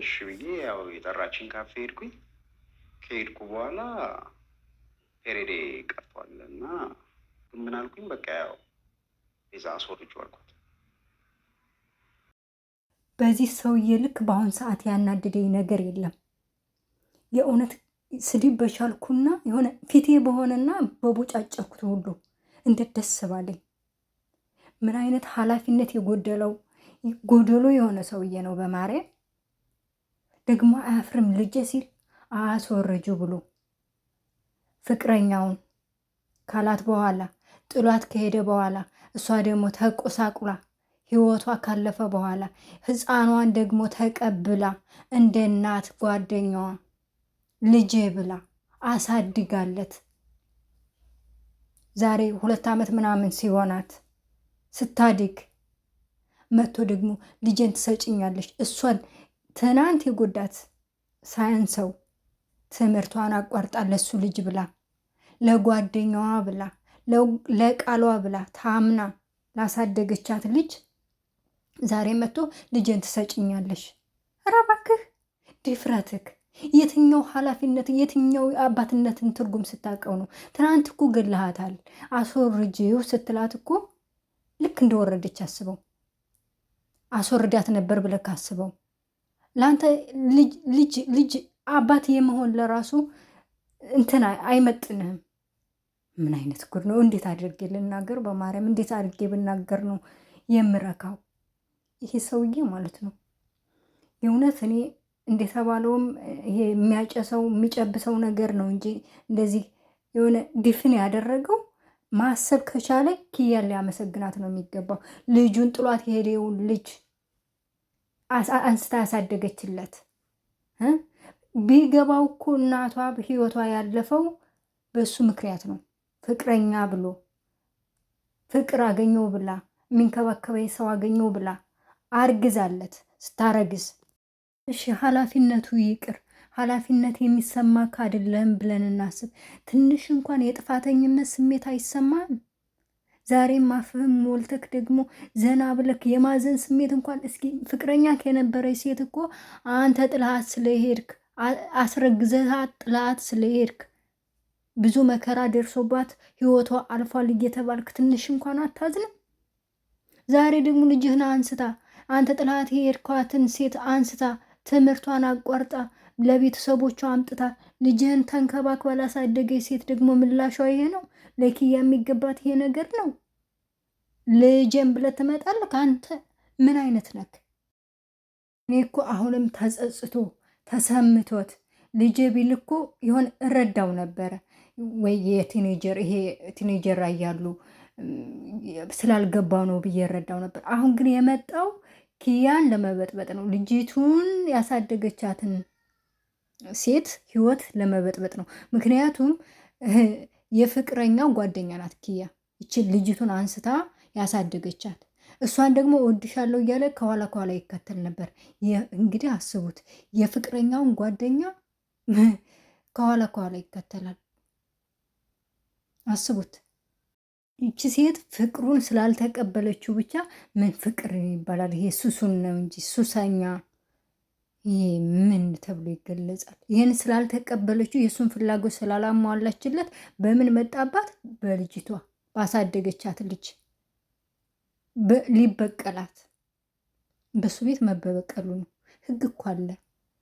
እሺ ብዬ ያው የጠራችን ካፌ ሄድኩኝ። ከሄድኩ በኋላ ፔሬዴ ቀርቷል እና ምን አልኩኝ፣ በቃ ያው ቤዛ አስወርጁ አልኳት። በዚህ ሰውዬ ልክ በአሁን ሰዓት ያናድደኝ ነገር የለም። የእውነት ስድብ በቻልኩና የሆነ ፊቴ በሆነና በቦጫጨኩት ሁሉ እንዴት ደስ ባለኝ። ምን አይነት ኃላፊነት የጎደለው ጎደሎ የሆነ ሰውዬ ነው በማርያም ደግሞ አያፍርም ልጄ ሲል አስወረጁ ብሎ ፍቅረኛውን ካላት በኋላ ጥሏት ከሄደ በኋላ እሷ ደግሞ ተቆሳቁላ ህይወቷ ካለፈ በኋላ ህፃኗን ደግሞ ተቀብላ እንደ እናት ጓደኛዋ ልጄ ብላ አሳድጋለት ዛሬ ሁለት ዓመት ምናምን ሲሆናት ስታድግ መጥቶ ደግሞ ልጄን ትሰጭኛለች እሷን ትናንት የጎዳት ሳያንሰው ትምህርቷን አቋርጣ ለሱ ልጅ ብላ ለጓደኛዋ ብላ ለቃሏ ብላ ታምና ላሳደገቻት ልጅ ዛሬ መጥቶ ልጅን ትሰጭኛለሽ? ኧረ እባክህ የትኛው ኃላፊነት የትኛው አባትነትን ትርጉም ስታውቀው ነው? ትናንት እኮ ገልሃታል አስወርጅው ስትላት እኮ ልክ እንደወረደች አስበው አስወርዳት ነበር ብለህ አስበው። ለአንተ ልጅ ልጅ አባት የመሆን ለራሱ እንትን አይመጥንህም። ምን አይነት ጉድ ነው? እንዴት አድርጌ ልናገር? በማርያም እንዴት አድርጌ ብናገር ነው የምረካው? ይሄ ሰውዬ ማለት ነው የእውነት እኔ እንደተባለውም ይሄ የሚያጨሰው የሚጨብሰው ነገር ነው እንጂ እንደዚህ የሆነ ድፍን ያደረገው ማሰብ ከቻለ ኪያን ሊያመሰግናት ነው የሚገባው። ልጁን ጥሏት የሄደውን ልጅ አንስታ ያሳደገችለት ቢገባው እኮ እናቷ ህይወቷ ያለፈው በእሱ ምክንያት ነው። ፍቅረኛ ብሎ ፍቅር አገኘው ብላ የሚንከባከበኝ ሰው አገኘው ብላ አርግዛለት ስታረግዝ፣ እሺ ኃላፊነቱ ይቅር ኃላፊነት የሚሰማ ካድለን ብለን እናስብ። ትንሽ እንኳን የጥፋተኝነት ስሜት አይሰማም። ዛሬም አፍህም ሞልተክ ደግሞ ዘና ብለክ የማዘን ስሜት እንኳን እስኪ ፍቅረኛ ከነበረች ሴት እኮ አንተ ጥላት ስለሄድክ አስረግዘሃት ጥላት ስለሄድክ ብዙ መከራ ደርሶባት ህይወቷ አልፏል እየተባልክ ትንሽ እንኳን አታዝንም? ዛሬ ደግሞ ልጅህን አንስታ አንተ ጥላት የሄድኳትን ሴት አንስታ ትምህርቷን አቋርጣ ለቤተሰቦቿ አምጥታ ልጅህን ተንከባክባ ላሳደገች ሴት ደግሞ ምላሿ ይሄ ነው። ለኪያ የሚገባት ይሄ ነገር ነው። ልጄን ብለህ ትመጣለህ። ከአንተ ምን አይነት ነክ? እኔ እኮ አሁንም ተጸጽቶ ተሰምቶት ልጄ ቢል እኮ ይሆን እረዳው ነበረ ወይ የቲኔጀር ይሄ ቲኔጀር እያሉ ስላልገባው ነው ብዬ እረዳው ነበር። አሁን ግን የመጣው ኪያን ለመበጥበጥ ነው። ልጅቱን ያሳደገቻትን ሴት ህይወት ለመበጥበጥ ነው። ምክንያቱም የፍቅረኛው ጓደኛ ናት ኪያ። ይችን ልጅቱን አንስታ ያሳደገቻት እሷን ደግሞ እወድሻለሁ እያለ ከኋላ ከኋላ ይከተል ነበር። እንግዲህ አስቡት፣ የፍቅረኛውን ጓደኛ ከኋላ ከኋላ ይከተላል። አስቡት። ይቺ ሴት ፍቅሩን ስላልተቀበለችው ብቻ ምን ፍቅር ይባላል? ይሄ ሱሱን ነው እንጂ ሱሰኛ ምን ተብሎ ይገለጻል? ይህን ስላልተቀበለችው የእሱን ፍላጎት ስላላሟላችለት በምን መጣባት? በልጅቷ ባሳደገቻት ልጅ ሊበቀላት በሱ ቤት መበበቀሉ ነው። ህግ እኮ አለ።